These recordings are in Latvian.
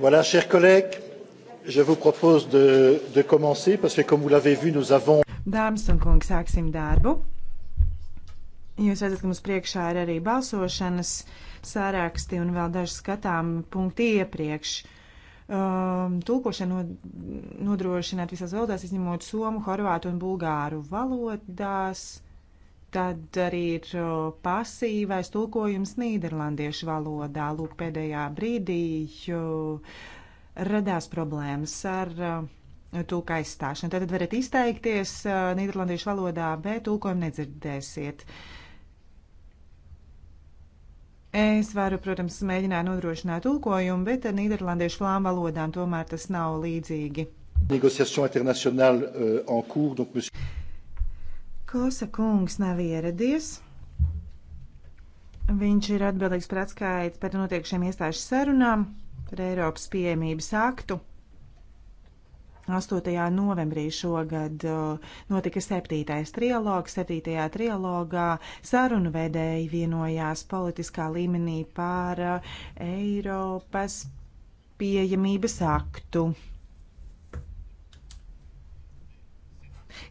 Voilà, chers collègues, je vous propose de, de commencer parce que, comme vous l'avez vu, nous avons. Dāmas un kungi, sāksim darbu. Jūs redzat, ka mums priekšā ir arī balsošanas sāraksti un vēl daži skatām punkti iepriekš. Um, tulkošana nodrošināt visās valodās, izņemot somu, horvātu un bulgāru valodās. Tad arī ir pasīvais tulkojums nīderlandiešu valodā. Lūk, pēdējā brīdī radās problēmas ar tulka aizstāšanu. Tad varat izteikties nīderlandiešu valodā, bet tulkojumu nedzirdēsiet. Es varu, protams, mēģināt nodrošināt tulkojumu, bet ar nīderlandiešu flām valodām tomēr tas nav līdzīgi. Négociation internationale euh, en cours, donc monsieur Kosa kungs nav ieradies. Viņš ir atbildīgs par atskaiti par notiekšiem iestāžu sarunām par Eiropas pieejamības aktu. 8. novembrī šogad notika 7. trialogs. 7. trialogā sarunu vedēji vienojās politiskā līmenī par Eiropas pieejamības aktu.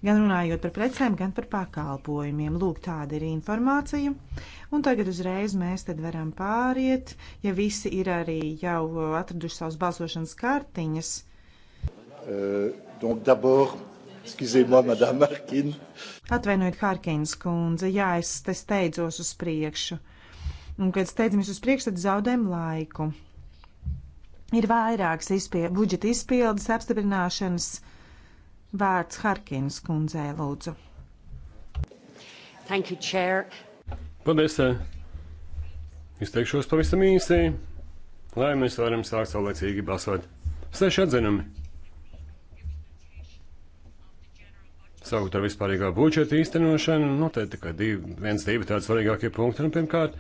gan runājot par precēm, gan par pakalpojumiem. Lūk, tāda ir informācija. Un tagad uzreiz mēs tad varam pāriet, ja visi ir arī jau atraduši savus balsošanas kartiņas. Uh, Excusez-moi, Madame Harkin. Atvainojiet, Harkins kundze, jā, es te steidzos uz priekšu. Un, kad steidzamies uz priekšu, tad zaudējam laiku. Ir vairākas izpie budžeta izpildes apstiprināšanas uh, Vārds Harkins kundzei lūdzu. Thank you, Chair. Paldies! Eh. Izteikšos pavisam īsi, lai mēs varam sākt saulēcīgi balsot. Seši atzinumi. Sākot ar vispārīgā budžeta īstenošanu, nu, te tikai divi, viens, divi tādi svarīgākie punkti. Un, nu, pirmkārt,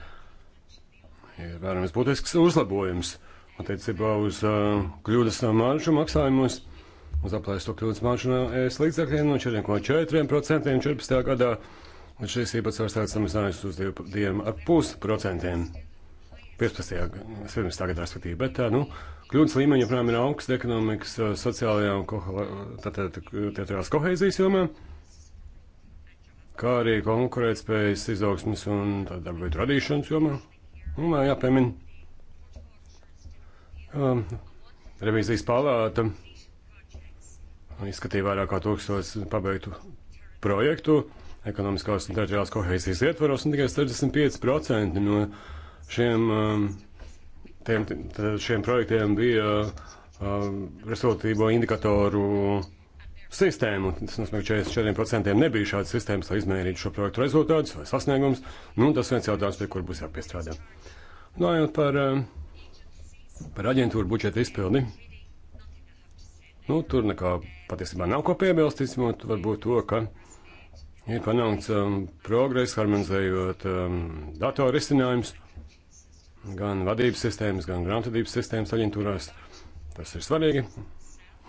ir vērams būtisks uzlabojums attiecībā uz uh, kļūdas no maržu maksājumus uz aplēsto kļūdas māršanā es līdzekļiem no 4,4% 14. gadā, un šis īpatsvars tāds samazinājums uz 2,5%. 15. 17. gadā, respektīvi. Bet, nu, kļūdas līmeņi joprojām ir augsts ekonomikas, sociālajā un teritoriālās kohēzijas jomā, kā arī konkurētspējas izaugsmas un darba vietu radīšanas jomā. Un vēl jāpiemina, um, revīzijas palāta izskatīja vairāk kā tūkstos pabeigtu projektu ekonomiskās un teritoriālās kohēzijas ietvaros, un tikai 65% no šiem, um, tiem, šiem projektiem bija um, resultīvo indikatoru sistēmu. Tas nozīmē, ka 44% nebija šādas sistēmas, lai izmērītu šo projektu rezultātus vai sasniegumus. Nu, tas viens jautājums, pie kur būs jāpiestrādā. Runājot par, um, par aģentūru budžeta izpildi, nu, tur nekā patiesībā nav ko piebilst, izņemot varbūt to, ka ir panākts um, progress, harmonizējot um, datoru risinājumus gan vadības sistēmas, gan grāmatvedības sistēmas aģentūrās. Tas ir svarīgi.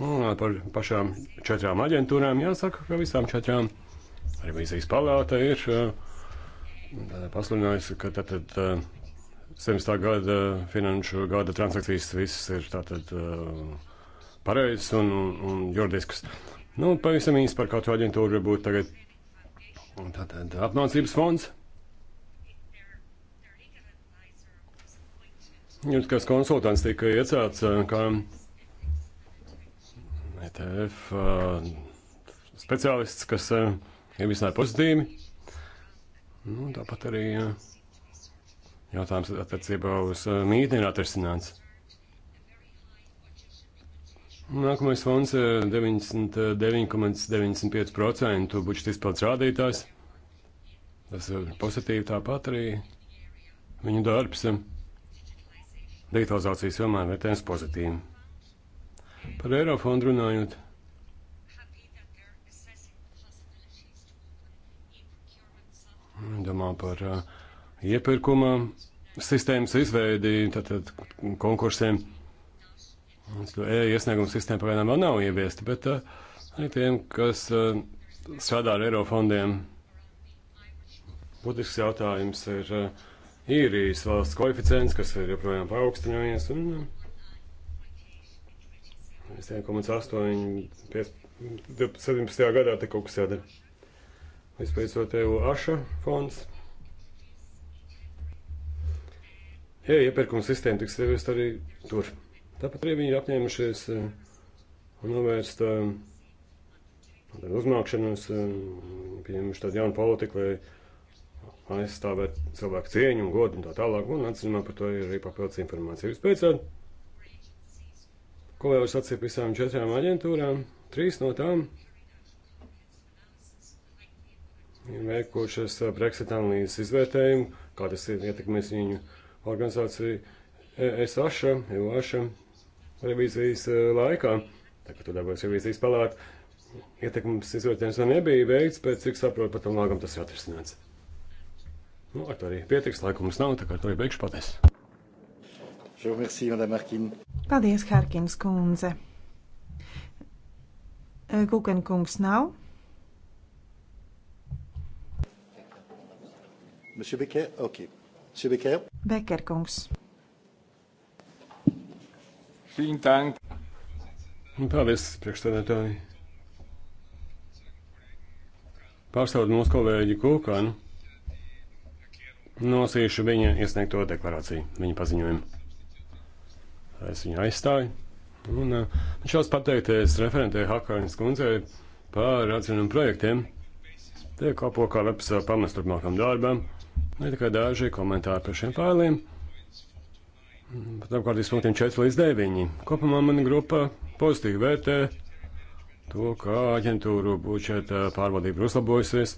Un par pašām četrām aģentūrām jāsaka, ka visām četrām revīzijas palāta ir uh, pasludinājusi, ka tad. tad uh, 17. gada uh, finanšu gada transakcijas visas ir tātad uh, pareizs un, un juridisks. Nu, pavisam īsi par katru aģentūru varbūt tagad tātad apmācības fonds. Jums kāds konsultants tika iecelts eh, kā ETF eh, speciālists, kas eh, ir visai pozitīvi. Nu, tāpat arī jautājums attiecībā uz mītni ir atrisināts. Nākamais fonds eh, - 99,95% budžeta izpildes rādītājs. Tas ir pozitīvi tāpat arī viņu darbs. Digitalizācijas jomā vērtējums pozitīvi. Par Eirofondu runājot. Domā par uh, iepirkuma sistēmas izveidi, tātad konkursiem. E-iesnieguma sistēma pagaidām vēl nav ieviesta, bet eh, arī tiem, kas eh, strādā ar Eirofondiem, būtisks jautājums ir eh, īrijas valsts koeficients, kas ir joprojām paaugstinājies. Un, Es 1,8, 17. gadā te kaut kas jādara. Vispēcot tev aša fonds. Jā, e iepirkuma sistēma tiks ieviest arī tur. Tāpat arī viņi ir apņēmušies eh, novērst eh, uzmākšanos, eh, pieņemuši tādu jaunu politiku, lai aizstāvētu cilvēku cieņu un godu un tā tālāk, un atzinumā par to ir arī papildus informācija. Vispēc, ko jau sacīja visām četrām aģentūrām, trīs no tām ir veikušas Brexit analīzes izvērtējumu, kā tas ir ietekmēs viņu organizāciju ESAŠA, EUAŠA, revīzijas eh, laikā. Tā kā tur darbojas revīzijas palāta, ietekmes izvērtējums vēl nebija veikts, pēc cik saprotu, pat tam lāgam tas ir atrisināts. Nu, ar to arī pietiks, laika mums nav, tā kā ar to arī beigšu paties. Paldies, Harkins kundze. Eh, Kukenkungs nav. Becker, okay. Becker kungs. Paldies, priekšstādātāji. Pārstāvot mūsu kolēģi Kūkanu, nosīšu viņa iesniegto deklarāciju, viņa paziņojumu. Es viņu aizstāju. Un uh, šos pateikties referentē Hakārinas kundzei par atzinumu projektiem. Tie kalpo kā labs pamats turpmākam darbam. Ne tikai daži komentāri par šiem failiem pat apkārtīs punktiem 4 līdz 9. Kopumā mana grupa pozitīvi vērtē to, kā aģentūru budžeta pārvaldība ir uzlabojusies.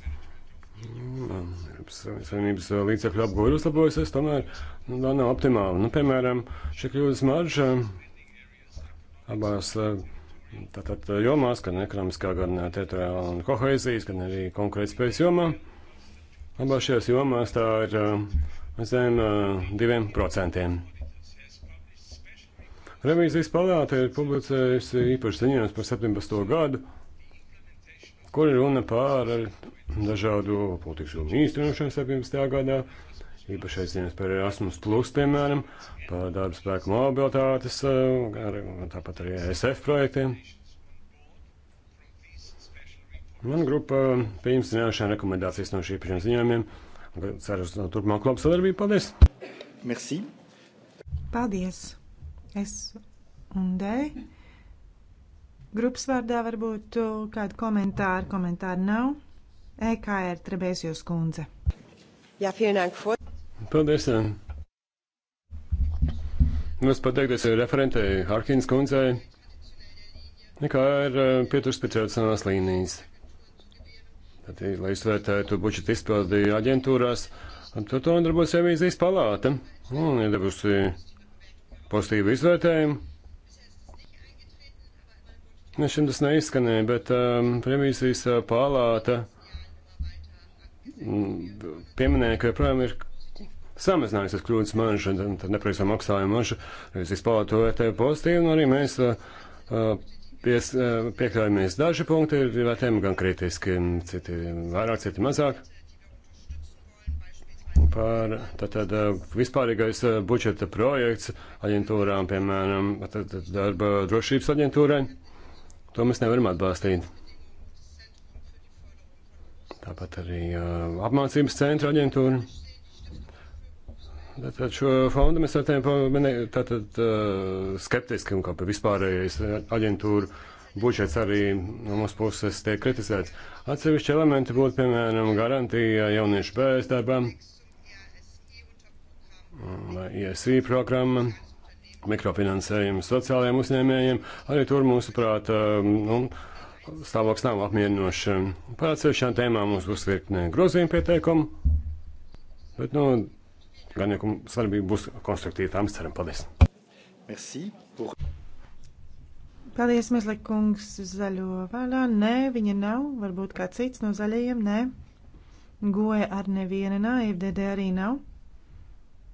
Savienības līdzekļu apgūve ir uzlabojusies, tomēr nu, tā nav optimāla. Nu, piemēram, šī kļūdas marža abās tātad, jomās, gan ekonomiskā, gan teritoriālā un kohēzijas, gan arī konkurētspējas jomā. Abās šajās jomās tā ir aizvien eh, eh, diviem procentiem. Revīzijas palāta ir publicējusi īpaši ziņojums par 17. gadu, kur ir runa pār dažādu politikas jomu īstenošanu 17. gadā, īpašais ziņojums par Erasmus, plus, piemēram, par darba spēku mobilitātes, ar, eh, tāpat arī e SF projektiem. Mana grupa pieņems zināšanu rekomendācijas no šī pašiem ziņojumiem. Ceru uz turpmāku labu sadarbību. Paldies! Merci! Paldies! S un D. Grupas vārdā varbūt kādu komentāru, komentāru nav. EKR Trebēsjos kundze. Jā, pienāk for. Paldies. Mēs pateikties referentei Harkins kundzei. Nekā ir e, pieturas pie tradicionālās līnijas. Tad, lai izvērtētu budžeta izpildi aģentūrās, tad to nodarbojas revīzijas palāta. Un ir devusi. Ja pozitīvu izvērtējumu. Ne, nu, šim tas neizskanēja, bet um, revīzijas uh, palāta mm, pieminēja, ka joprojām ir samazinājusies kļūdas marža, tad nepreizā maksājuma marža. Revīzijas palāta to vērtēja pozitīvi, un arī mēs uh, uh, pies, uh, piekļāvāmies. Daži punkti ir vērtējumi gan kritiski, citi vairāk, citi mazāk par tātad, eh, vispārīgais eh, budžeta projekts aģentūrām, piemēram, tātad, darba drošības aģentūrai. To mēs nevaram atbalstīt. Tāpat arī uh, apmācības centra aģentūra. Tātad šo fondu mēs vērtējam tātad, uh, skeptiski un kā par vispārējais aģentūru budžets arī no mūsu puses tiek kritizēts. Atsevišķi elementi būtu, piemēram, garantija jauniešu bezdarbam. darbam vai ISV programma, mikrofinansējumu sociālajiem uzņēmējiem, arī tur mūsuprāt, um, nu, stāvoklis nav apmierinošs. Par atsevišķām tēmām mums būs virkne grozījuma pieteikumu, bet, nu, gan jau sadarbība būs konstruktīva, tām ceram. Paldies! Merci pour... Paldies, Mezlek kungs, zaļo vārdā. Nē, viņa nav, varbūt kā cits no zaļajiem, nē. Goja ar neviena nav, FDD arī nav.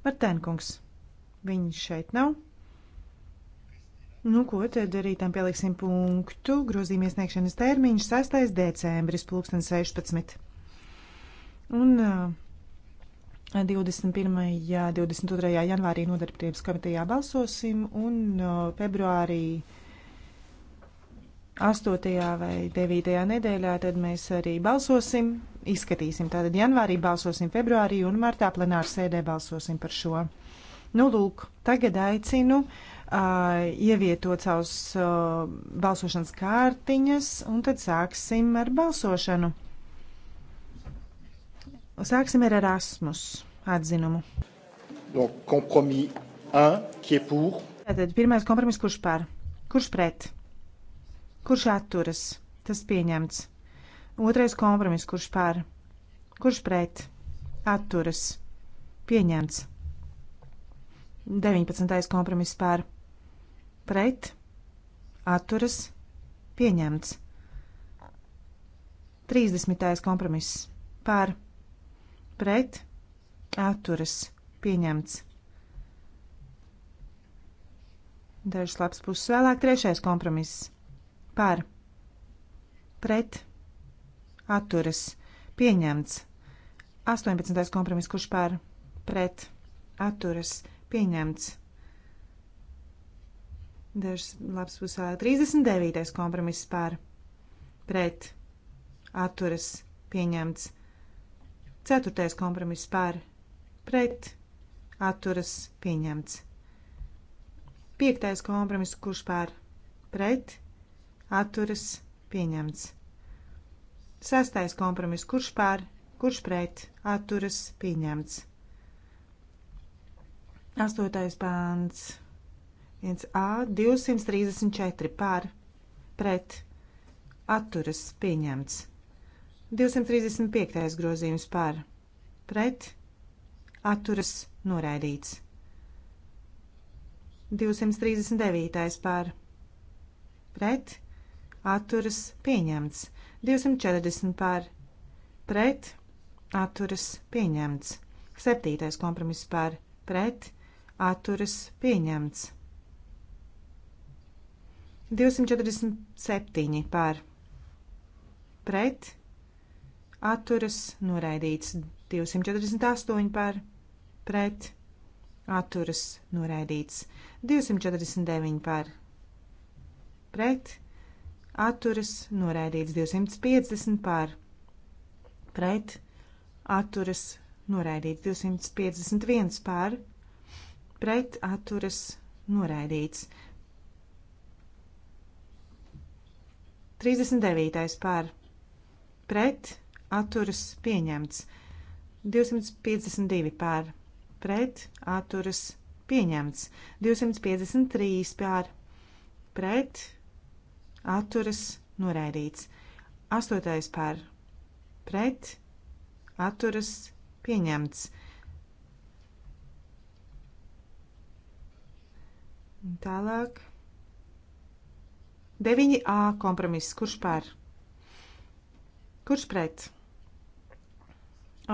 Bartēnkungs. Viņš šeit nav. Nu, ko tad arī tam pieliksim punktu? Grozījuma iesniegšanas termiņš 6. decembris, 2016. Un uh, 21. Jā, 22. janvārī nodarbības komitejā balsosim un uh, februārī 8. vai 9. nedēļā tad mēs arī balsosim izskatīsim. Tātad janvārī balsosim februārī un martā plenāru sēdē balsosim par šo. Nu, lūk, tagad aicinu uh, ievietot savus uh, balsošanas kārtiņas un tad sāksim ar balsošanu. Sāksim ar Erasmus atzinumu. Donc, kompromis 1, qui est pour. Tātad pirmais kompromis, kurš par, kurš pret, kurš atturas, tas pieņemts. Otrais kompromiss, kurš pār, kurš pret, atturas, pieņemts. 19. kompromiss pār, pret, atturas, pieņemts. 30. kompromiss pār, pret, atturas, pieņemts. Dažs labs puses vēlāk, trešais kompromiss. Par. Pret atturas pieņemts. 18. kompromiss, kurš par pret atturas pieņemts. Dažs labs pusē. 39. kompromiss par pret atturas pieņemts. 4. kompromiss par pret atturas pieņemts. 5. kompromiss, kurš par pret atturas pieņemts. Sastais kompromiss. Kurš pār, kurš pret atturas pieņemts? Astotais pāns. 1A 234 pār pret atturas pieņemts. 235. grozījums pār pret atturas noraidīts. 239. pār pret atturas pieņemts. 240 par pret atturas pieņemts. 7. kompromiss par pret atturas pieņemts. 247 par pret atturas noraidīts. 248 par pret atturas noraidīts. 249 par pret atturas noraidīts 250 pār pret atturas noraidīts 251 pār pret atturas noraidīts 39. pār pret atturas pieņemts 252 pār pret atturas pieņemts 253 pār pret atturas noraidīts. Astotais par pret atturas pieņemts. Un tālāk. 9a kompromiss. Kurš par? Kurš pret?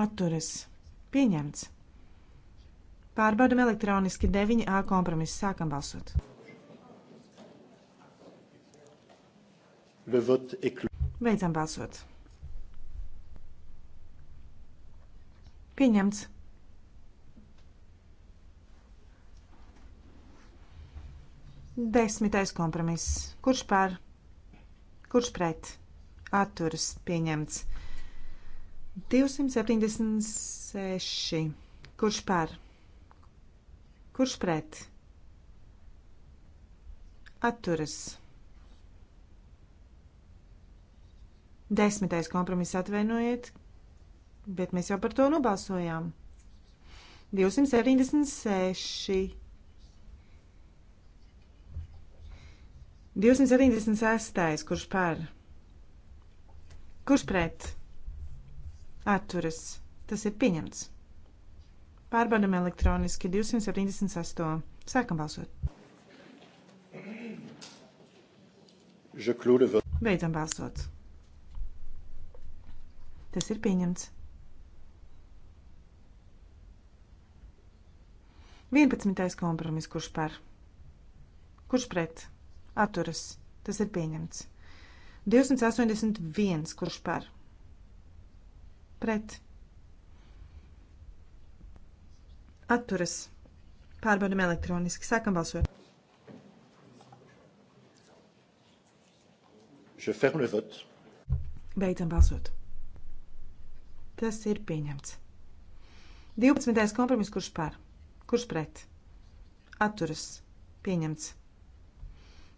Atturas. Pieņemts. Pārbaudam elektroniski 9a kompromiss. Sākam balsot. Le vote est clos. Beidzam balsot. Pieņemts. Desmitais kompromiss. Kurš par? Kurš pret? Atturas pieņemts. 276. Kurš par? Kurš pret? Atturas pieņemts. Desmitais kompromiss atvainojiet, bet mēs jau par to nobalsojām. 276. 276. Kurš par? Kurš pret? Atturas. Tas ir pieņemts. Pārbaudam elektroniski 278. Sākam balsot. Beidzam balsot. Tas ir pieņemts. 11. kompromiss, kurš par? Kurš pret? Atturas. Tas ir pieņemts. 281. Kurš par? Pret. Atturas. Pārbaudam elektroniski. Sākam balsot. Je ferme le vote. Beidzam balsot. Tas ir pieņemts. 12. kompromiss, kurš par, kurš pret, atturas, pieņemts.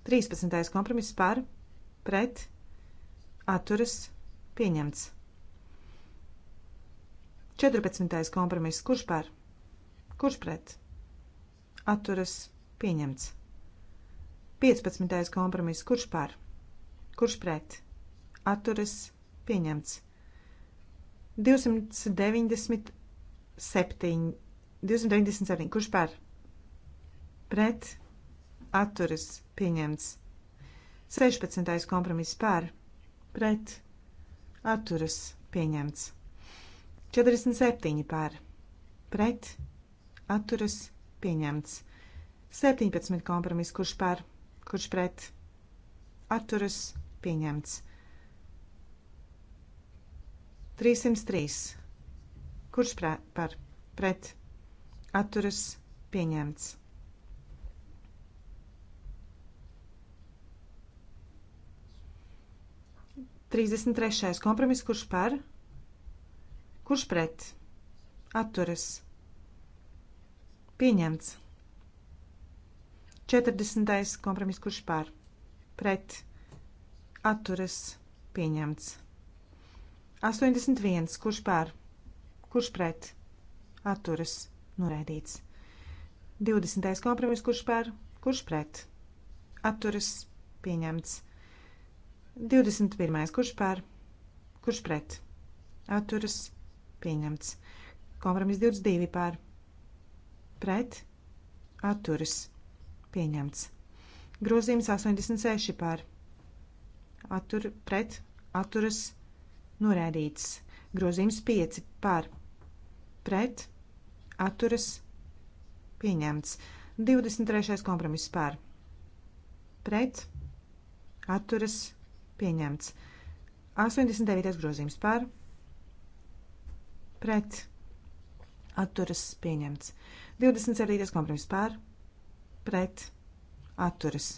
13. kompromiss par, pret, atturas, pieņemts. 14. kompromiss, kurš par, kurš pret, atturas, pieņemts. 15. kompromiss, kurš par, kurš pret, atturas, pieņemts. 297. 297. Kurš par? Pret. Atturas. Pieņemts. 16. kompromiss par. Pret. Atturas. Pieņemts. 47 par. Pret. Atturas. Pieņemts. 17 kompromiss. Kurš par? Kurš pret? Atturas. Pieņemts. 303. Kurš prē, par pret atturas pieņemts? Trīsdesmit trešais kompromiss, kurš par, kurš pret, atturas, pieņemts. Četrdesmitais kompromiss, kurš par, pret, atturas, pieņemts. 81. Kurš pār? Kurš pret? Atturas. Noraidīts. 20. kompromiss. Kurš pār? Kurš pret? Atturas. Pieņemts. 21. Kurš pār? Kurš pret? Atturas. Pieņemts. Kompromiss 22 pār. Pret. Atturas. Pieņemts. Grozījums 86 pār. Attur, pret. Atturas. Pieņemts Norādīts. Grozījums 5 par. Pret. Atturas. Pieņemts. 23. kompromiss par. Pret. Atturas. Pieņemts. 89. grozījums par. Pret. Atturas. Pieņemts. 27. kompromiss par. Pret. Atturas.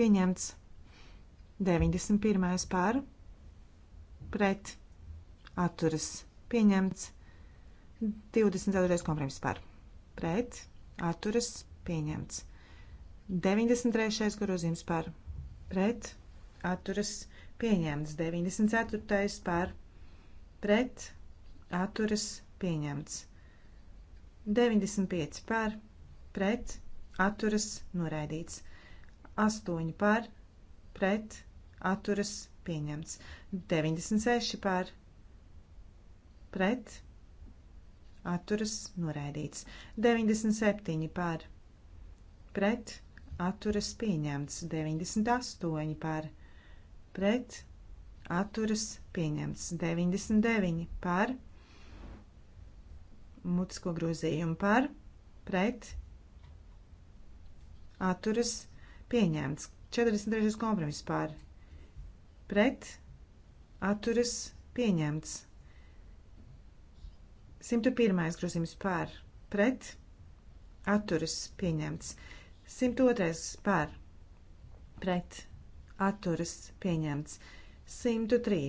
Pieņemts. 91. par pret atturas pieņemts. 24. kompromiss par pret atturas pieņemts. 93. grozījums par pret atturas pieņemts. 94. par pret atturas pieņemts. 95 par pret atturas noraidīts. 8 par pret atturas pieņemts. 96 par pret atturas noraidīts. 97 par pret atturas pieņemts. 98 par pret atturas pieņemts. 99 par mutisko grozījumu par pret atturas pieņemts. 43. kompromiss par pret atturas pieņemts atturas pieņemts. 101. grozījums par pret atturas pieņemts. 102. par pret atturas pieņemts. 103.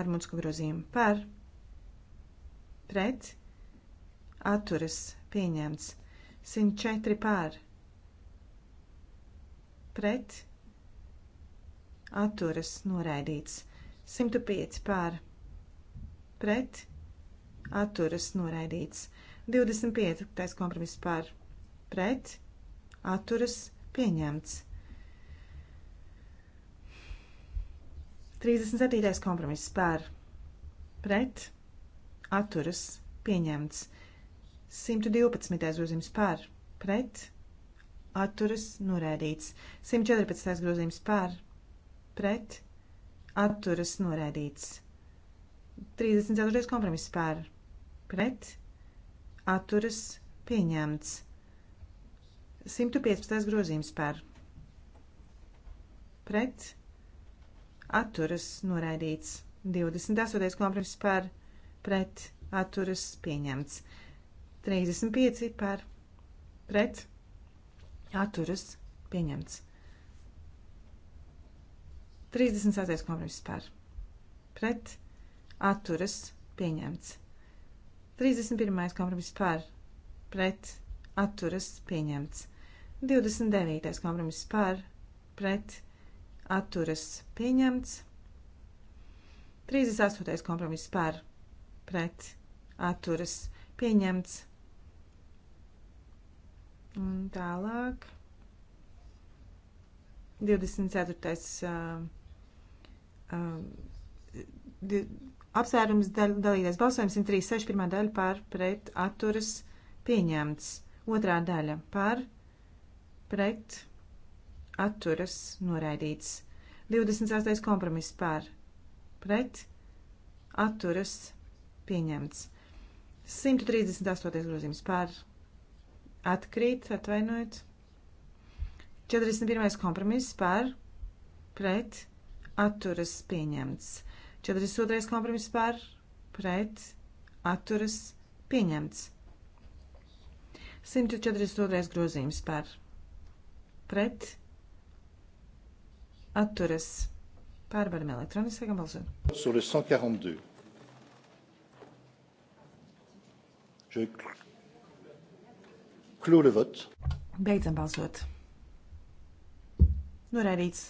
ar mucku grozījumu par pret atturas pieņemts. 104 pār pret atturas noraidīts 105 pār pret atturas noraidīts. 25. kompromiss pār pret atturas pieņemts. 37. kompromiss pār pret atturas pieņemts. 112. grozījums pār pret atturas noraidīts. 114. grozījums pār pret atturas noraidīts. 34. kompromiss par pret atturas pieņemts. 115. grozījums par pret atturas noraidīts. 28. kompromiss par pret atturas pieņemts. 35 par pret atturas pieņemts. 36. kompromiss par pret atturas pieņemts. 31. kompromiss par pret atturas pieņemts. 29. kompromiss par pret atturas pieņemts. 38. kompromiss par pret atturas pieņemts. Un tālāk. 24. Uh, apsvērums daļ, dalīties balsojums 136, pirmā daļa par pret atturas pieņemts, otrā daļa par pret atturas noraidīts, 28. kompromiss par pret atturas pieņemts, 138. grozījums par atkrīt, atvainojiet, 41. kompromiss par pret atturas pieņemts. 42. kompromiss par pret atturas pieņemts. 142. grozījums par pret atturas pārbaram elektroniski, sākam balsot. Sur le 142. Je clôt le vote. Beidzam balsot. Norādīts.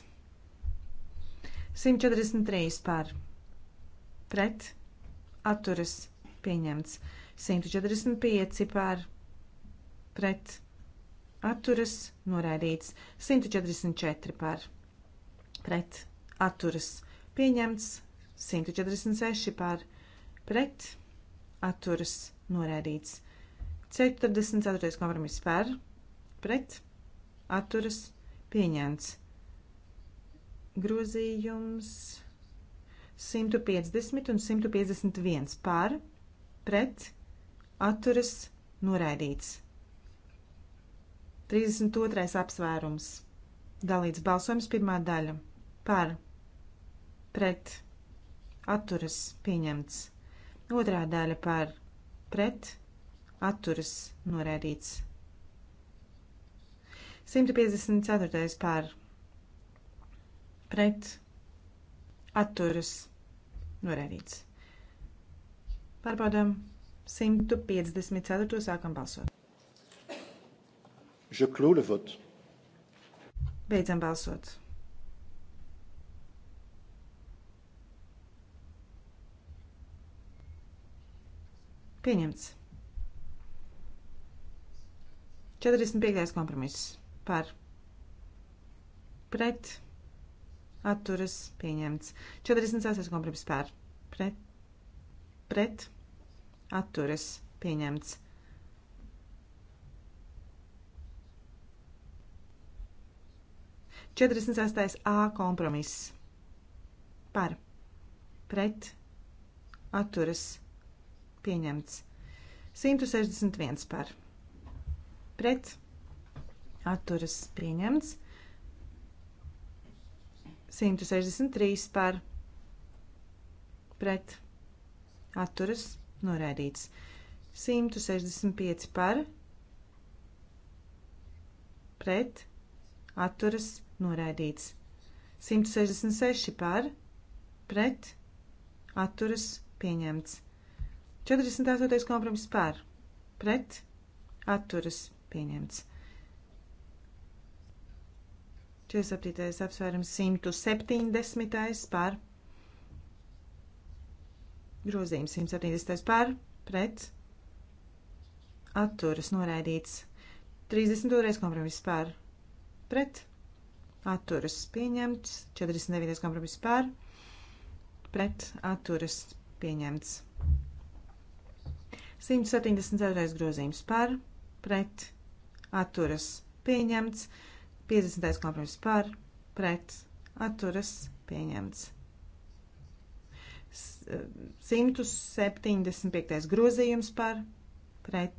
143 par pret atturas pieņemts. 145 par pret atturas noraidīts. 144 par pret atturas pieņemts. 146 par pret atturas noraidīts. 44. kompromiss par pret atturas pieņemts grozījums 150 un 151 par, pret, atturas, noraidīts. 32. apsvērums. Dalīts balsojums pirmā daļa. Par, pret, atturas, pieņemts. Otrā daļa par, pret, atturas, noraidīts. 154. par, pret atturas norēdīts. Pārbaudām 154. sākam balsot. Je clôt le vote. Beidzam balsot. Pieņemts. 45. kompromiss par pret atturas pieņemts. 46. kompromiss pār pret, pret atturas pieņemts. Četrdesmit sastais A kompromiss par pret atturas pieņemts. 161 par pret atturas pieņemts. 163 par pret atturas noraidīts. 165 par pret atturas noraidīts. 166 par pret atturas pieņemts. 48. kompromiss par pret atturas pieņemts. 47. apsvērums 170. par grozījums 170. par pret atturas noraidīts 32. kompromiss par pret atturas pieņemts 49. kompromiss par pret atturas pieņemts 174. grozījums par pret atturas pieņemts 50. kompromiss par, pret, atturas, pieņemts. 175. E, grozījums par, pret,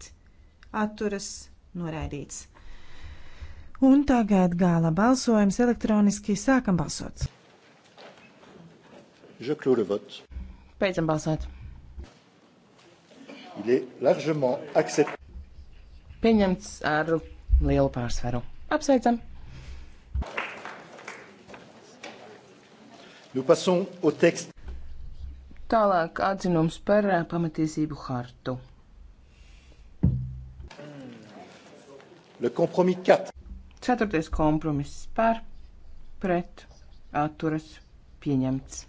atturas, noraidīts. Un tagad gala balsojums elektroniski sākam balsot. Beidzam balsot. Pieņemts ar lielu pārsvaru. Apsveicam! Tālāk atzinums par eh, pamatiesību hartu. Ceturtais kompromiss par, pret, atturas, pieņemts.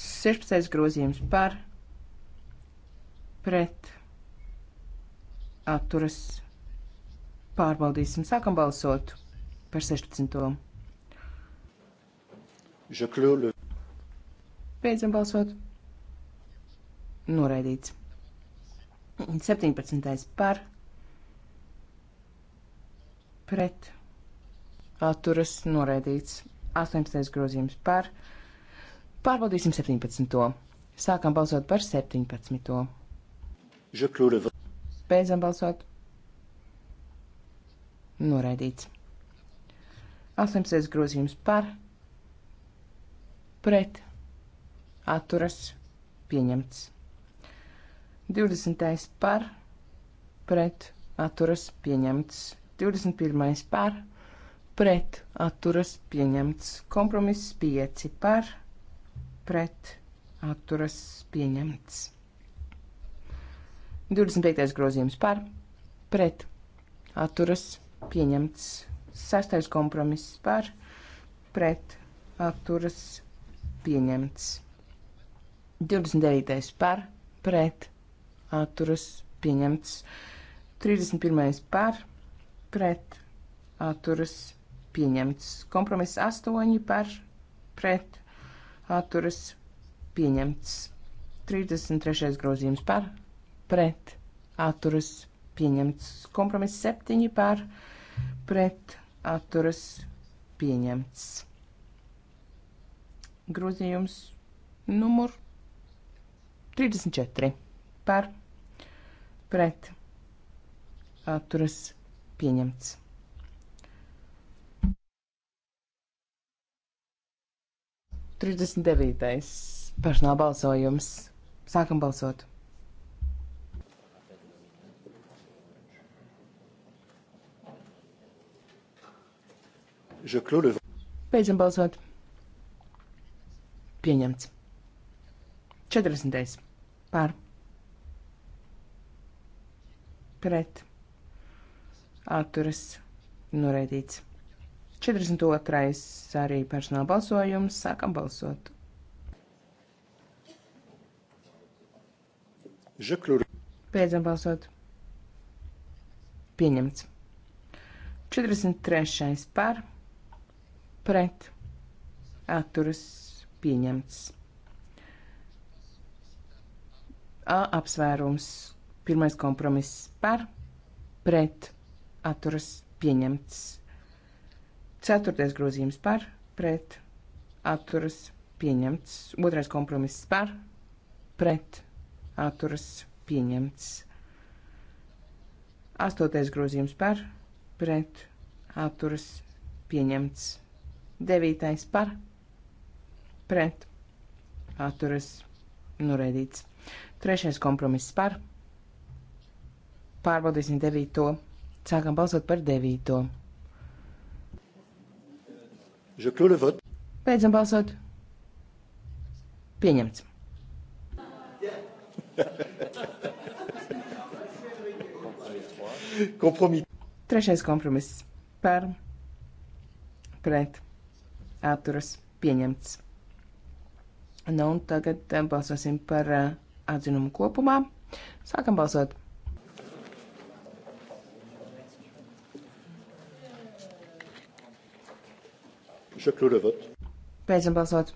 16. grozījums par, pret, atturas, pieņemts Pārbaudīsim, sākam balsot par 16. Beidzam balsot. Noraidīts. 17. par. Pret. Atturas noraidīts. 18. grozījums par. Pārbaudīsim 17. Sākam balsot par 17. Beidzam balsot. Noraidīts. 18. grozījums par, pret, atturas, pieņemts. 20. par, pret, atturas, pieņemts. 21. par, pret, atturas, pieņemts. Kompromiss 5 par, pret, atturas, pieņemts. 25. grozījums par, pret, atturas, pieņemts pieņemts. Sastais kompromiss par pret atturas pieņemts. 29. par pret atturas pieņemts. 31. par pret atturas pieņemts. Kompromiss 8 par pret atturas pieņemts. 33. grozījums par pret atturas pieņemts. Kompromiss 7 par pret pret atturas pieņemts. Grozījums numur 34 par pret atturas pieņemts. Trīsdesmit devītais personāla balsojums. Sākam balsot. Beidzam balsot. Pieņemts. 40. Pār. Pret. Atturas. Noreidīts. 42. arī personāla balsojums. Sākam balsot. Beidzam balsot. Pieņemts. 43. par pret atturas pieņemts. A apsvērums. Pirmais kompromiss par pret atturas pieņemts. Ceturtais grozījums par pret atturas pieņemts. Otrais kompromiss par pret atturas pieņemts. Astotais grozījums par pret atturas pieņemts. Devītais par pret atturas noraidīts. Trešais kompromiss par. Pārbaudīsim devīto. Sākam balsot par devīto. Beidzam balsot. Pieņemts. Kompromis. Trešais kompromiss par pret atturas pieņemts. Nu, un tagad eh, balsosim par eh, atzinumu kopumā. Sākam balsot! Je clôt le vote. Beidzam balsot.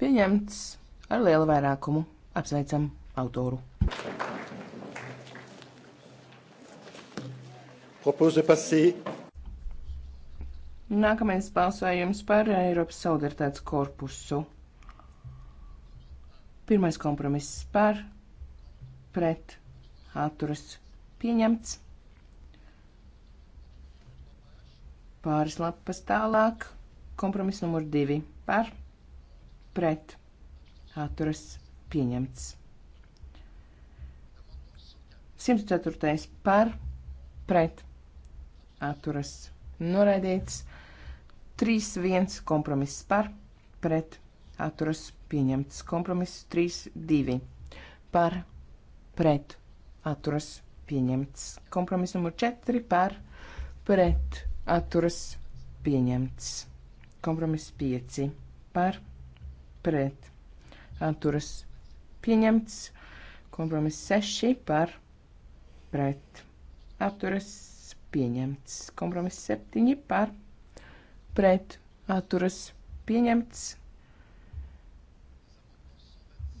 Pieņemts ar lielu vairākumu. Apsveicam autoru. Propose de passer Nākamais balsojums par Eiropas solidaritātes korpusu. Pirmais kompromiss par, pret, atturas pieņemts. Pāris lapas tālāk. Kompromiss numur divi par, pret, atturas pieņemts. 104. par, pret, atturas noraidīts. 3-1 kompromiss par, pret atturas pieņemts. Kompromiss 3-2 par, pret atturas pieņemts. Kompromiss numur 4 par, pret atturas pieņemts. Kompromiss 5 par, pret atturas pieņemts. Kompromiss 6 par, pret atturas pieņemts. Kompromiss 7 par, pret pret atturas pieņemts.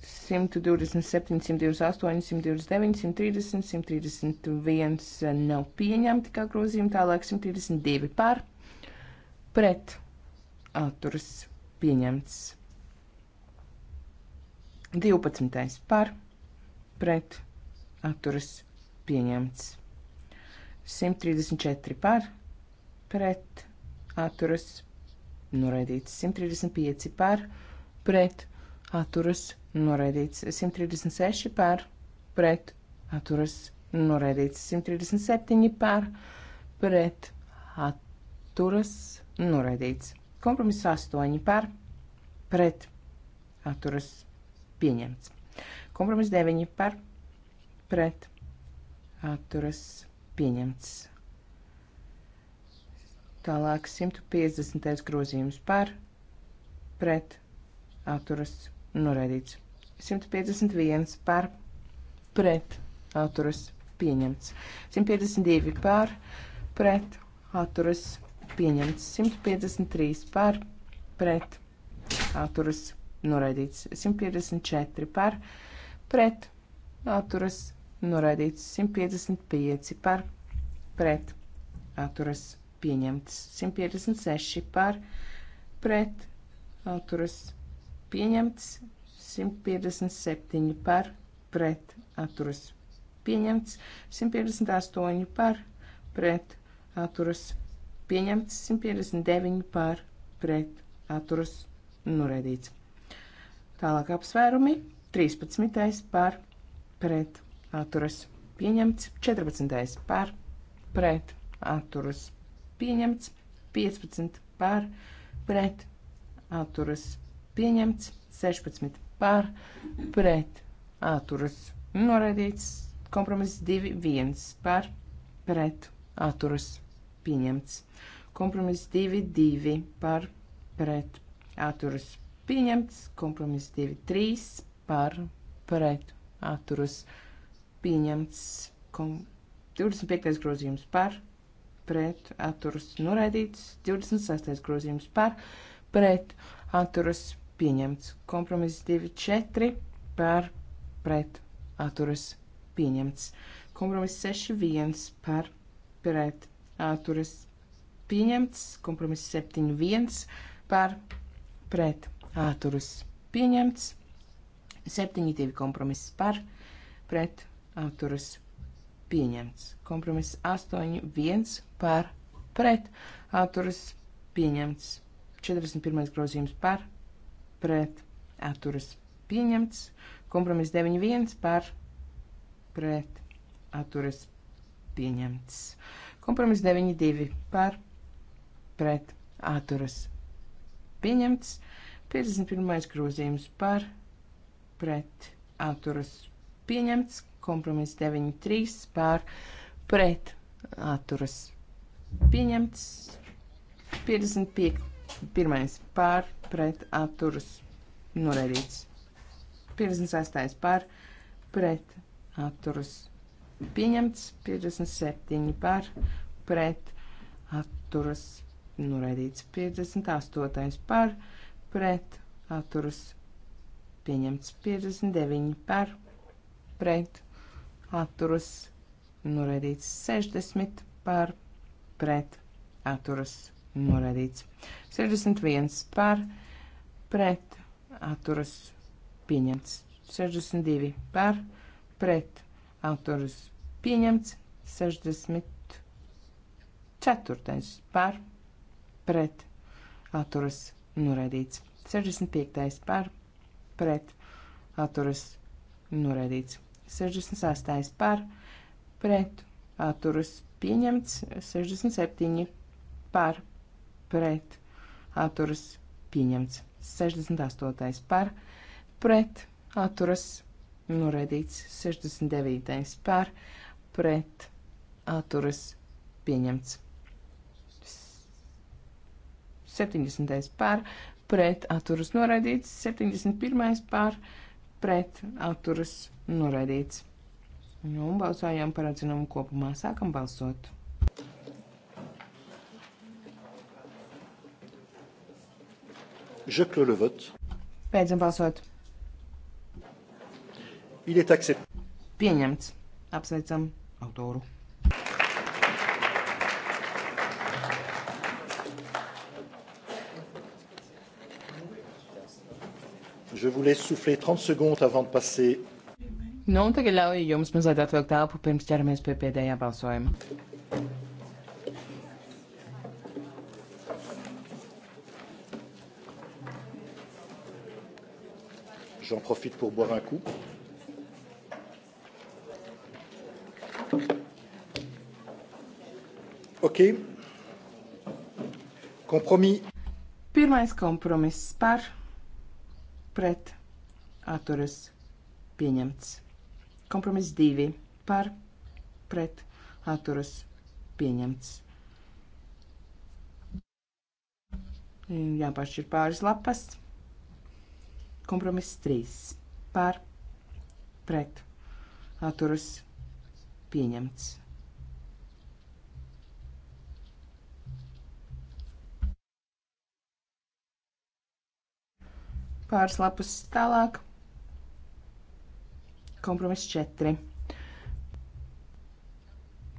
127, 128, 129, 130, 131 nav pieņemti kā grozījumi, tālāk 132 par, pret atturas pieņemts. 12. par, pret atturas pieņemts. 134 par, pret atturas noraidīts 135 par, pret atturas noraidīts 136 par, pret atturas noraidīts 137 par, pret atturas noraidīts. Kompromiss 8 par, pret atturas pieņemts. Kompromiss 9 par, pret atturas pieņemts. Tālāk 150. grozījums par, pret, atturas, noraidīts. 151 par, pret, atturas, pieņemts. 152 par, pret, atturas, pieņemts. 153 par, pret, atturas, noraidīts. 154 par, pret, atturas, noraidīts. 155 par, pret, atturas, noraidīts pieņemts. 156 par pret atturas pieņemts. 157 par pret atturas pieņemts. 158 par pret atturas pieņemts. 159 par pret atturas noraidīts. Tālāk apsvērumi 13. par pret atturas pieņemts. 14. par pret atturas pieņemts atturas pieņemts, 15 par pret atturas pieņemts, 16 par pret atturas noraidīts, kompromiss 2, 1 par pret atturas pieņemts, kompromiss 2, 2 par pret atturas pieņemts, kompromiss 2, 3 par pret atturas pieņemts, kom 25. grozījums par pret pret atturas noraidīts, 26. grozījums par pret atturas pieņemts, kompromiss 2.4 par pret atturas pieņemts, kompromiss 6.1 par pret atturas pieņemts, kompromiss 7.1 par pret atturas pieņemts, 7.2 kompromiss par pret atturas pieņemts pieņemts. Kompromiss 8, 1 par pret atturas pieņemts. 41. grozījums par pret atturas pieņemts. Kompromiss 9, 1 par pret atturas pieņemts. Kompromiss 9, 2 par pret atturas pieņemts. 51. grozījums par pret atturas pieņemts kompromiss 9.3 pār pret atturas pieņemts 55. pār pret atturas noraidīts 56. pār pret atturas pieņemts 57. pār pret atturas noraidīts 58. pār pret atturas pieņemts 59 par pret atturas noraidīts 60 par pret atturas noraidīts 61 par pret atturas pieņemts 62 par pret atturas pieņemts 64 par pret atturas noraidīts 65 par pret atturas noraidīts 66. par pret atturas pieņemts 67. par pret atturas pieņemts 68. par pret atturas noraidīts 69. par pret atturas pieņemts 70. par pret atturas noraidīts 71. par pret pret atturas noraidīts. Nu, un balsojam par atzinumu kopumā. Sākam balsot. Je clôt le vote. Beidzam balsot. Il est accepté. Pieņemts. Apsveicam autoru. Je vous laisse souffler 30 secondes avant de passer. Nu, un tagad ļauj jums mazliet atvilkt elpu pirms ķeramies pie pēdējā balsojuma. J'en profite pour boire un coup. Ok. Kompromis. Pirmais kompromiss par pret atturas pieņemts. Kompromiss 2 par pret atturas pieņemts. Jāpašķir pāris lapas. Kompromiss 3 par pret atturas pieņemts. Pāris lapus tālāk. Kompromiss 4.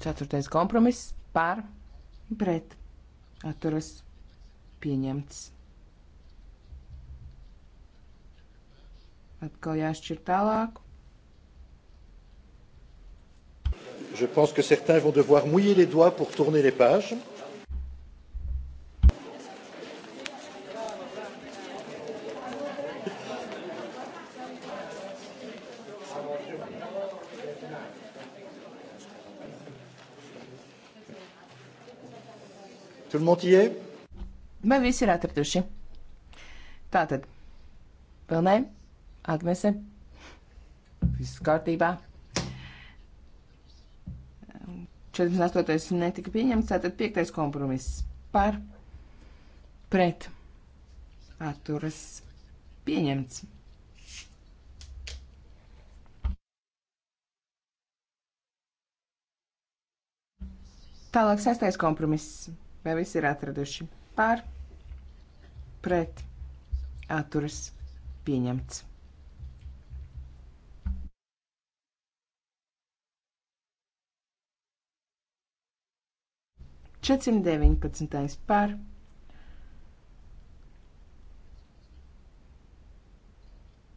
Ceturtais kompromiss par pret atturas pieņemts. Atkal jāšķir tālāk. Je pense que certains vont devoir mouiller les doigts pour tourner les pages. Montie? Vai visi ir atraduši? Tātad, pilnē, Agnese, viss kārtībā. 48. netika pieņemts, tātad 5. kompromiss par pret atturas pieņemts. Tālāk sestais kompromiss Vai visi ir atraduši? Pār, pret, atturas, pieņemts. Četsim deviņpadsmitais pār.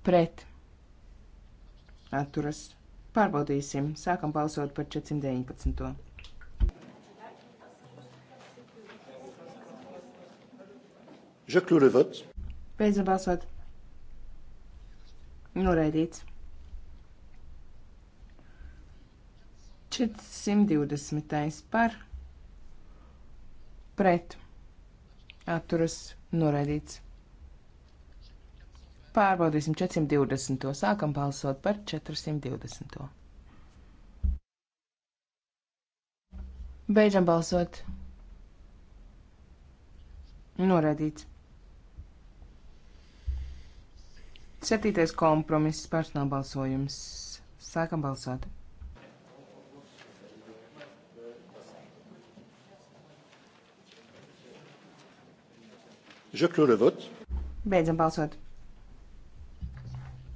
Pret. Atturas. Pārbaudīsim. Sākam balsot par 419. Je clôt le vote. Beidzam balsot. Noraidīts. 420. par pret atturas noraidīts. Pārbaudīsim 420. Sākam balsot par 420. Beidzam balsot. Noraidīts. Septītais kompromiss personāla balsojums. Sākam balsot. Je clôt le vote. Beidzam balsot.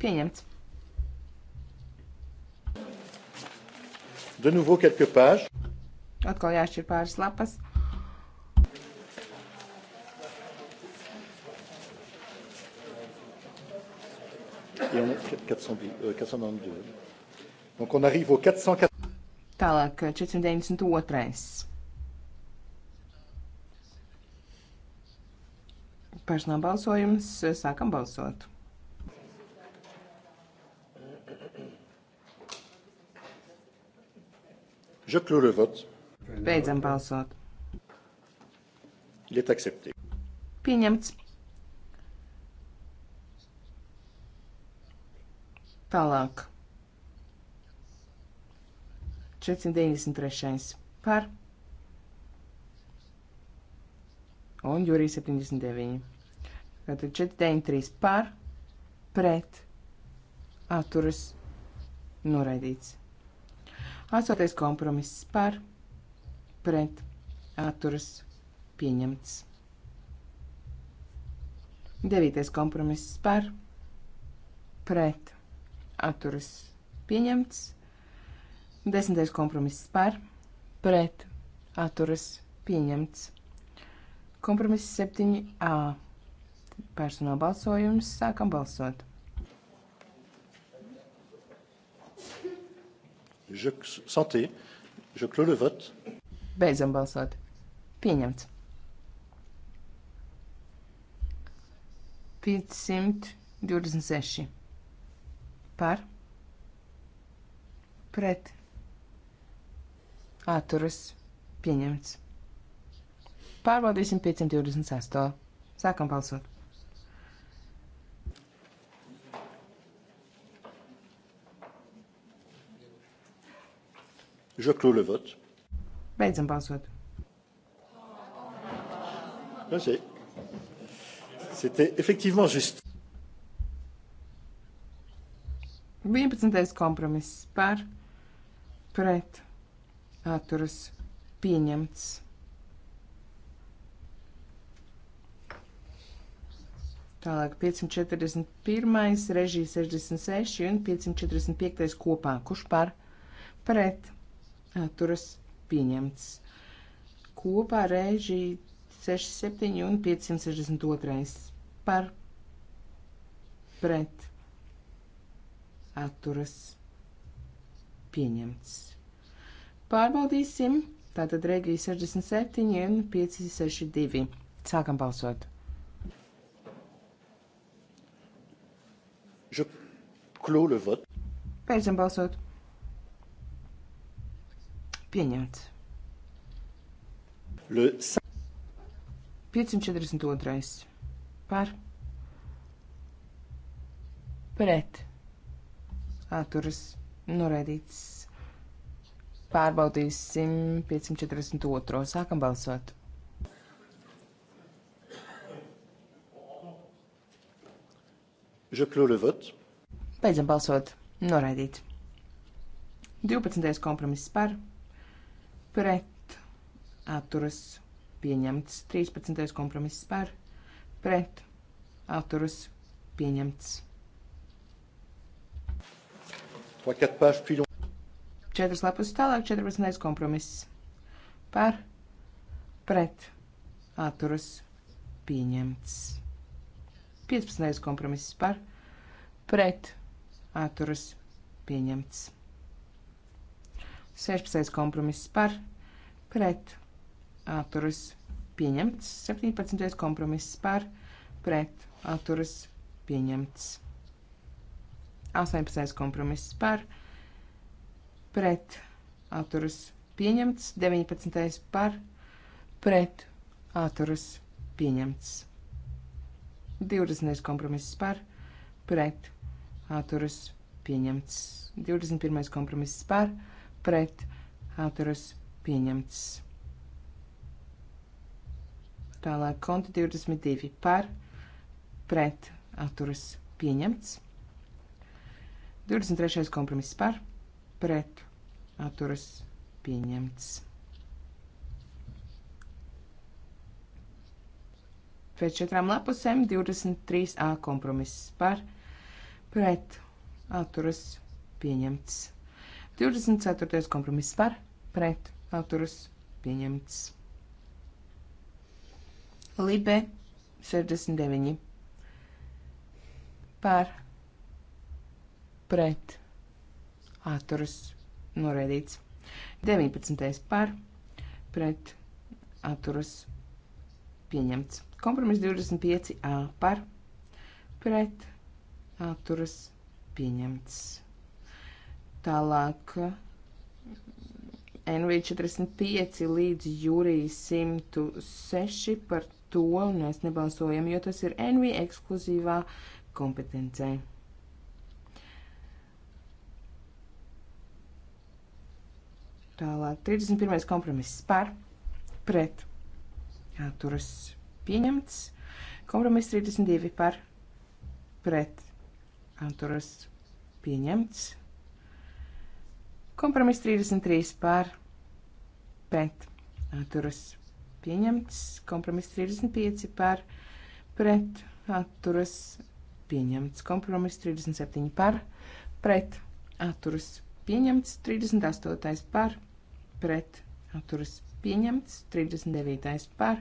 Pieņemts. De nouveau quelques pages. Atkal jāšķir pāris lapas. 492. Euh, Donc on arrive au 400... Tālāk 492. Personāla balsojums. Sākam balsot. Je clôt le vote. Beidzam balsot. Il est accepté. Pieņemts. Tālāk. 493. par un Jurija 79. Tātad 493 par pret atturas noraidīts. Atsoties kompromiss par pret atturas pieņemts. Devītais kompromiss par pret atturas pieņemts. Desmitais kompromiss par, pret, atturas pieņemts. Kompromiss 7a. Personāla balsojums. Sākam balsot. Je santé. Je clôt le vote. Beidzam balsot. Pieņemts. 526 par pret atturas pieņemts. Pārbaudīsim 528. Sākam balsot. Je clôt le vote. Beidzam balsot. C'était effectivement juste. 11. kompromiss par pret atturas pieņemts. Tālāk 541, režija 66 un 545 kopā. Kurš par? Pret. Turas pieņemts. Kopā režija 67 un 562 par. Pret atturas pieņemts. Pārbaudīsim. Tātad Regija 67 un 562. Sākam balsot. Je clôt le vote. Beidzam balsot. Pieņemts. Le 542. Par. Pret atturas noraidīts. Pārbaudīsim 542. Sākam balsot. Je clôt le vote. Beidzam balsot. Noraidīt. 12. kompromiss par, pret, atturas, pieņemts. 13. kompromiss par, pret, atturas, pieņemts. Četras lapas tālāk, 14. kompromiss. Par, pret, atturas, pieņemts. 15. kompromiss par, pret, atturas, pieņemts. 16. kompromiss par, pret, atturas, pieņemts. 17. kompromiss par, pret, atturas, pieņemts. 18. kompromiss par pret atturas pieņemts, 19. par pret atturas pieņemts, 20. kompromiss par pret atturas pieņemts, 21. kompromiss par pret atturas pieņemts. Tālāk konta 22 par pret atturas pieņemts. 23. kompromiss par, pret, atturas pieņemts. Pēc četrām lapusēm 23a kompromiss par, pret, atturas pieņemts. 24. kompromiss par, pret, atturas pieņemts. Libe 69 par pret atturas noraidīts. 19. par pret atturas pieņemts. Kompromis 25a par pret atturas pieņemts. Tālāk NV 45 līdz jūrija 106 par to mēs nebalsojam, jo tas ir NV ekskluzīvā kompetencē. Tālāk, 31. kompromiss par, pret, atturas pieņemts. Kompromiss 32 par, pret, atturas pieņemts. Kompromiss 33 par, pret, atturas pieņemts. Kompromiss 35 par, pret, atturas pieņemts. Kompromiss 37 par, pret, atturas pieņemts pieņemts 38. par pret atturas pieņemts 39. par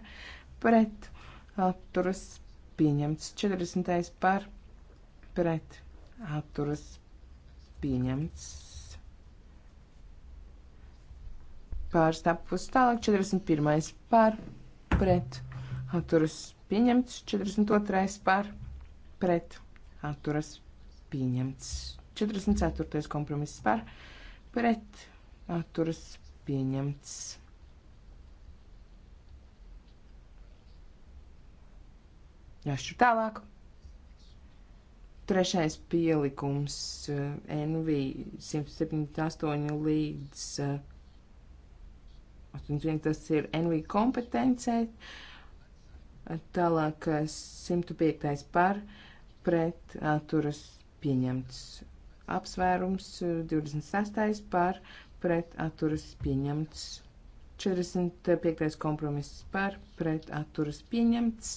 pret atturas pieņemts 40. par pret atturas pieņemts pārstāpus tālāk 41. par pret atturas pieņemts 42. par pret atturas pieņemts 44. kompromiss par pret atturas pieņemts. Jāšķir tālāk. Trešais pielikums eh, NV 178 līdz 81. Eh, tas ir NV kompetencē. Tālāk 105. Eh, par pret atturas pieņemts apsvērums 26. Eh, par pret atturas pieņemts. 45. kompromiss par pret atturas pieņemts.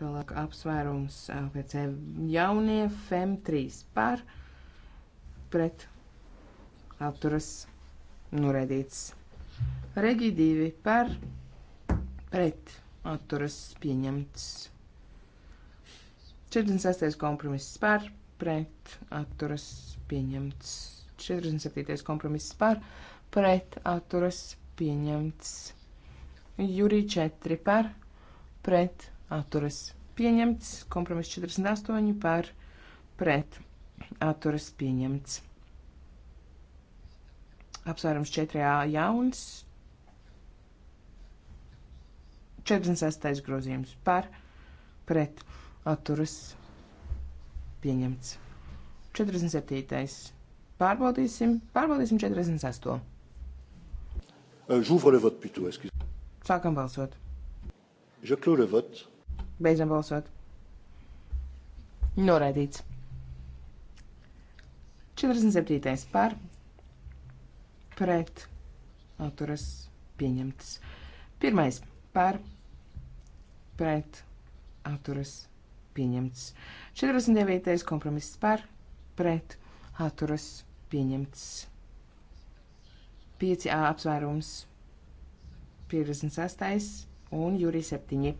Tālāk apsvērums eh, pēc eh, jaunie FEM 3 par pret atturas norēdīts. Regi 2 par pret atturas pieņemts. 46. kompromiss par, pret, atturas pieņemts. 47. kompromiss par, pret, atturas pieņemts. Jurī 4 par, pret, atturas pieņemts. Kompromiss 48 par, pret, atturas pieņemts. Apsvērums 4. jauns. 46. grozījums par, pret, atturas pieņemts atturas pieņemts. 47. Pārbaudīsim, pārbaudīsim 48. Euh, j'ouvre le vote plutôt, excusez. Sākam balsot. Je clôt le vote. Beidzam balsot. Noraidīts. 47. par pret atturas pieņemts. Pirmais par pret atturas pieņemts pieņemts. 49. kompromiss par, pret, atturas, pieņemts. 5a apsvērums 56. un jūri 7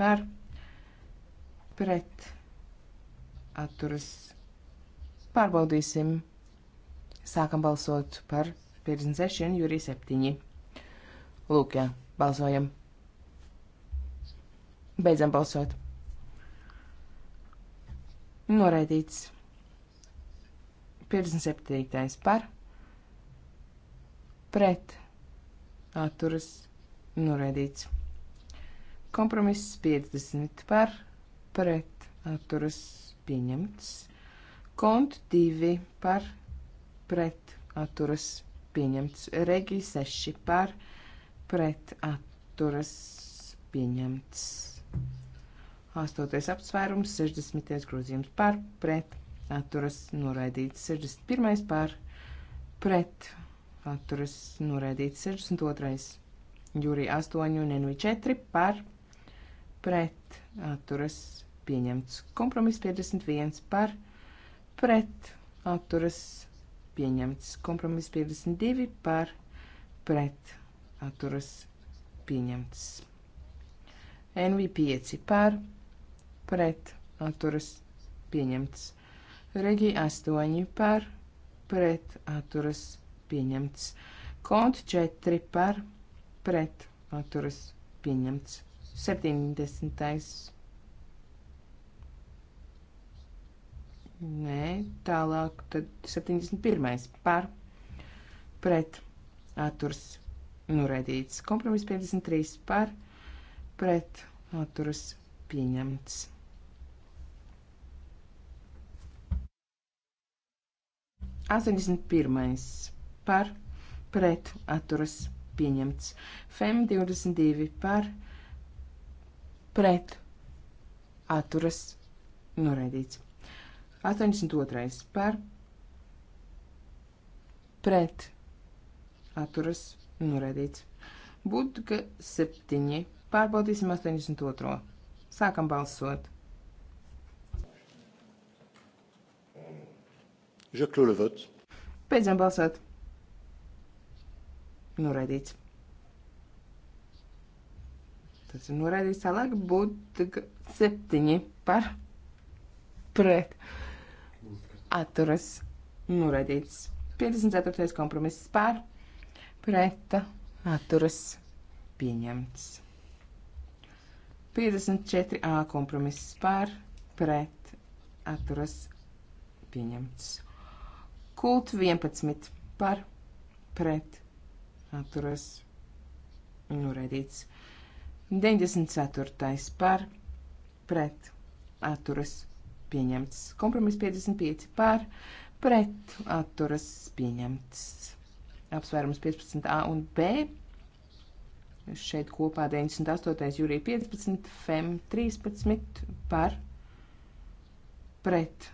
par, pret, atturas, pārbaudīsim. Sākam balsot par 56 un jūri 7. Lūk, jā, balsojam. Beidzam balsot. Noraidīts. 57. par. Pret. Atturas. Noraidīts. Kompromiss 50 par. Pret. Atturas. Pieņemts. Kont 2 par. Pret. Atturas. Pieņemts. Regi 6 par. Pret. Atturas. Pieņemts. Astoties apsvērums, 60. grozījums par pret atturas noraidīts, 61. par pret atturas noraidīts, 62. jūrī 8 un NV 4 par pret atturas pieņemts. Kompromiss 51 par pret atturas pieņemts. Kompromiss 52 par pret atturas pieņemts. NV 5 par pret pret atturas pieņemts. Regi 8 par pret atturas pieņemts. Kod 4 par pret atturas pieņemts. 70. Nē, tālāk tad 71. par pret atturas noraidīts. Kompromiss 53 par pret atturas pieņemts. 81. par pret atturas pieņemts. FEM 22 par pret atturas noraidīts. 82. par pret atturas noraidīts. Budga 7. Pārbaudīsim 82. Sākam balsot. Je clôt le vote. Beidzam balsot. Noraidīts. Tas ir noraidīts tālāk būtu septiņi par pret. Atturas noraidīts. 54. kompromiss par preta atturas pieņemts. 54a kompromiss par pret atturas pieņemts. Kult 11 par pret atturas noraidīts. 94. par pret atturas pieņemts. Kompromiss 55 par pret atturas pieņemts. Apsvērums 15a un b. Šeit kopā 98. jūrija 15, fem 13 par pret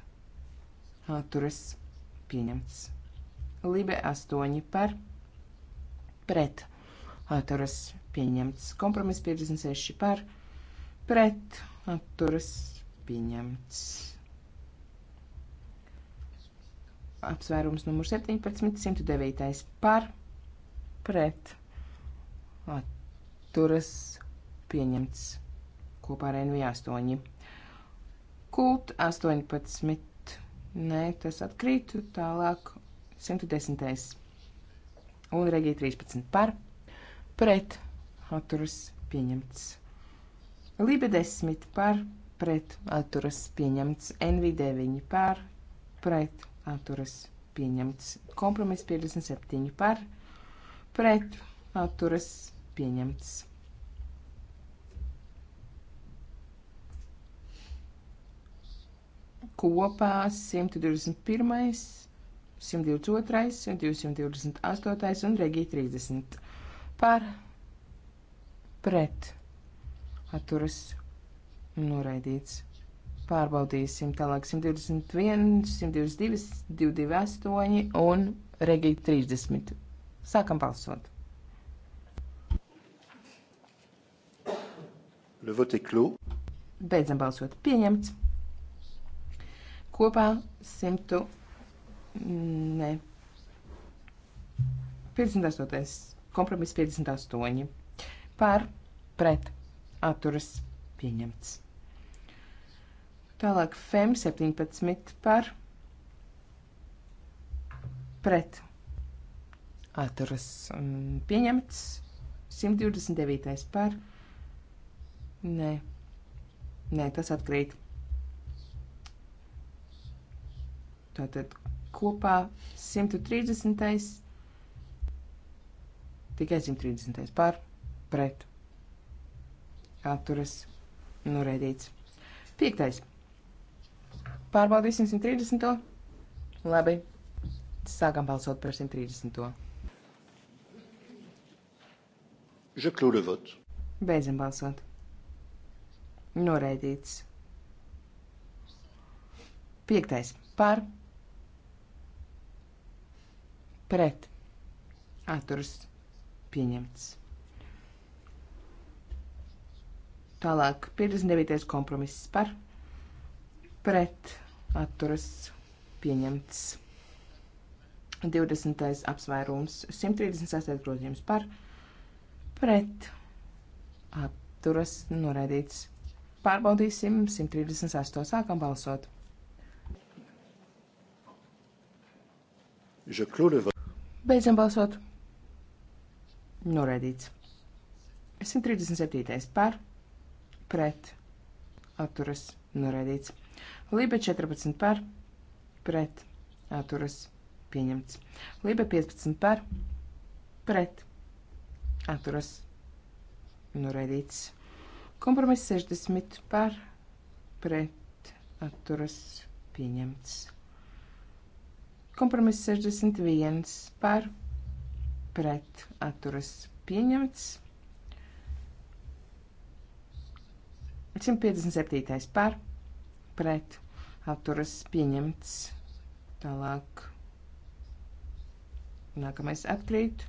atturas pieņemts pieņemts. Libe 8 par pret atturas pieņemts. Kompromiss 56 par pret atturas pieņemts. Apsvērums numur 17, 109 par pret atturas pieņemts kopā ar NV8. Kult 18 Nē, tas atkrīt. Tālāk 110. Un reģija 13 par. Pret atturas pieņemts. Libe 10 par. Pret atturas pieņemts. NV 9 par. Pret atturas pieņemts. Kompromiss 57 par. Pret atturas pieņemts. kopā 121, 122, 128 un Regija 30 par pret atturas noraidīts. Pārbaudīsim tālāk 121, 122, 228 un Regija 30. Sākam balsot. Le vote est clos. Beidzam balsot. Pieņemts kopā 100. Nē. 58. Kompromiss 58. Par pret atturas pieņemts. Tālāk FEM 17 par pret atturas pieņemts. 129. par nē. Nē, tas atkrīt. Tātad kopā 130. Tikai 130. par pret. Atturas noraidīts. Piektais. Pārbaudīsim 130. Labi. Sākam balsot par 130. Je clôt le vote. Beidzam balsot. Noraidīts. Piektais. Par pret pret atturas pieņemts. Tālāk 59. kompromiss par pret atturas pieņemts. 20. apsvērums 136. grozījums par pret atturas noraidīts. Pārbaudīsim 138. sākam balsot. Je clôt le vote. Beidzam balsot. Noraidīts. 137. par, pret, atturas, noraidīts. Lība 14 par, pret, atturas, pieņemts. Lība 15 par, pret, atturas, noraidīts. Kompromiss 60 par, pret, atturas, pieņemts. Kompromiss 61 par pret atturas pieņemts. 157. par pret atturas pieņemts. Tālāk nākamais atkrīt.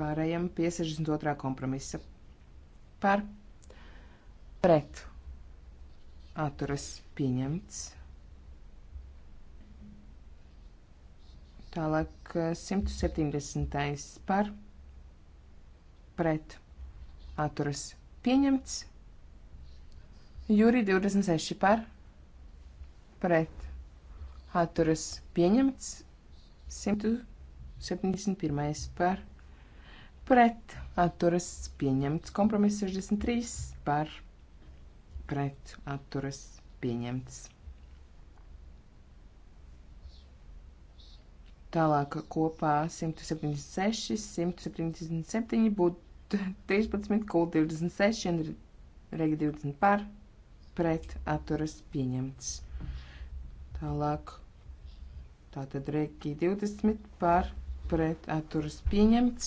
Pārējiem pie 62. kompromisa par pret atturas pieņemts. Tālāk 170. Eh, par pret atturas pieņemts. Jūri 26 par pret atturas pieņemts. 171 par pret atturas pieņemts. Kompromiss 63 par pret atturas pieņemts. Tālāk kopā 176, 177 būtu 13, kul 26 un regi 20 par pret atturas pieņemts. Tālāk tātad regi 20 par pret atturas pieņemts.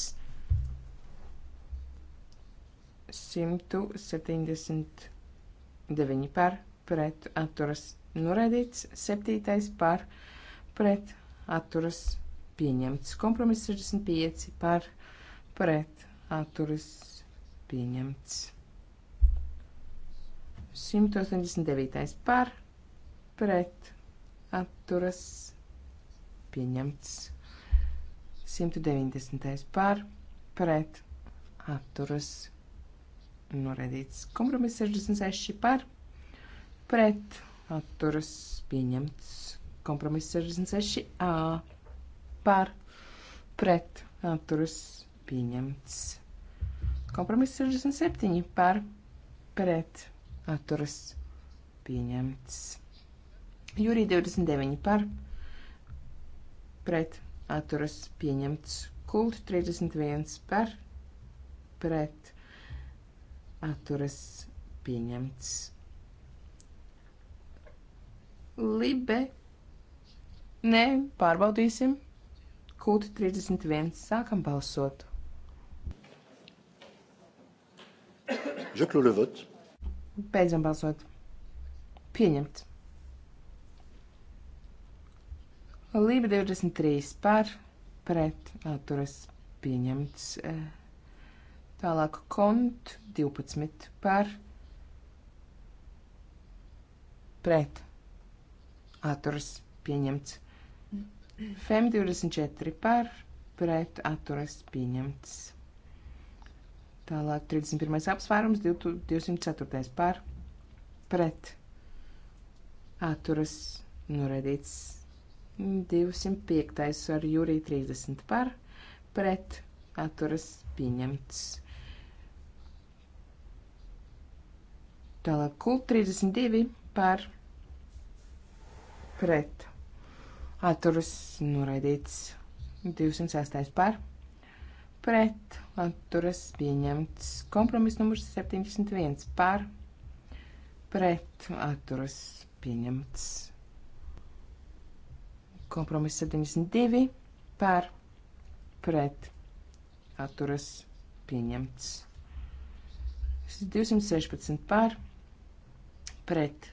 179 par pret atturas noraidīts, 7 par pret atturas atturas pieņemts. Kompromiss 65 par pret atturas pieņemts. 189. par pret atturas pieņemts. 190. par pret atturas noraidīts. Kompromiss 66 par pret atturas pieņemts. Kompromiss 66a par pret atturas pieņemts. Kompromiss 67 par pret atturas pieņemts. Jūrī 29 par pret atturas pieņemts. Kult 31 par pret atturas pieņemts. Libe Nē, pārbaudīsim. Kūti 31. Sākam balsot. Je clôt le vote. Beidzam balsot. Pieņemts. Lība 23 par, pret, atturas pieņemts. Tālāk kont 12 par, pret, atturas pieņemts. FEM 24 par pret atturas pieņemts. Tālāk 31. apsvērums 204. par pret atturas noraidīts 205. ar jūrī 30 par pret atturas pieņemts. Tālāk kult 32 par pret atturas noraidīts 206. par, pret atturas pieņemts kompromiss numurs 71 par, pret atturas pieņemts kompromiss 72 par, pret atturas pieņemts 216 par, pret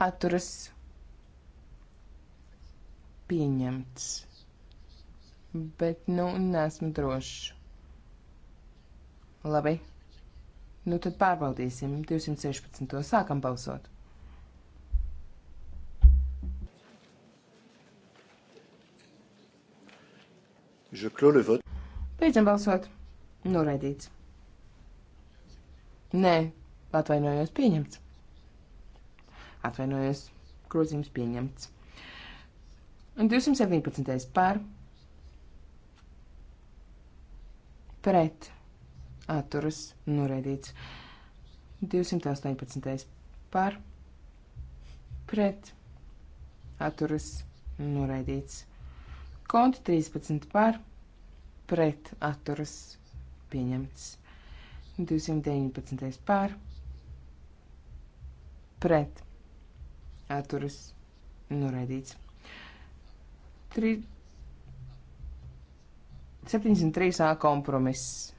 atturas pieņemts pieņemts. Bet, nu, nesmu drošs. Labi. Nu, tad pārbaudīsim. 216. sākam balsot. Je clos le vote. Beidzam balsot. Noraidīts. Nē, atvainojos, pieņemts. Atvainojos, grozījums pieņemts. Un 217. par pret atturas noraidīts. 218. par pret atturas noraidīts. Konta 13 par pret atturas pieņemts. 219. par pret atturas noraidīts. Tri... 73. kompromiss.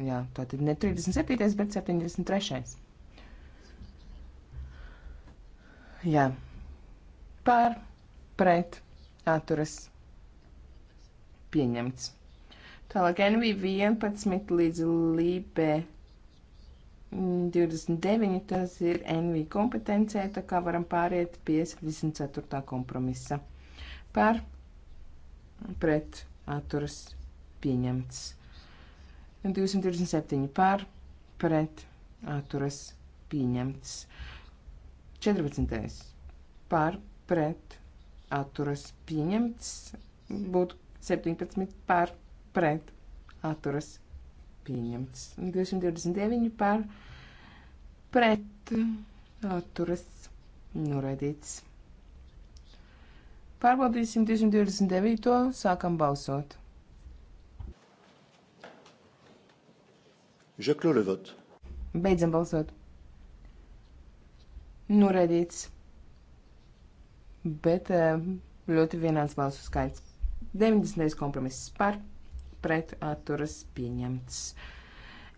Jā, tā tad ne 37. bet 73. Jā. Par, pret, atturas. Pieņemts. Tālāk NV 11 līdz Lībe 29, tas ir NV kompetencija, tā kā varam pāriet pie 74. kompromisa. Par pret atturas pieņemts. 227 par pret atturas pieņemts. 14. par pret atturas pieņemts. Būtu 17 par pret atturas pieņemts. 229 par pret atturas noraidīts. Pārbaudīsim 229. Sākam balsot. Je clôt le vote. Beidzam balsot. Noraidīts. Bet eh, ļoti vienāds balsu skaits. 90. kompromiss par pret atturas pieņemts.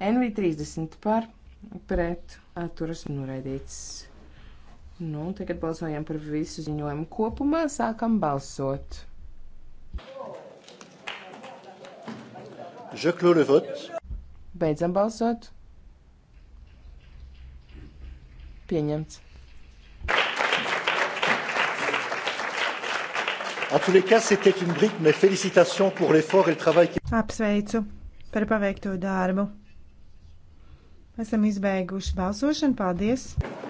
NV30 par pret atturas noraidīts. Nu, tagad balsojam par visu ziņojumu kopumā, sākam balsot. Je clôt le vote. Beidzam balsot. Pieņemts. Apsveicu par paveikto darbu. Esam izbeiguši balsošanu. Paldies!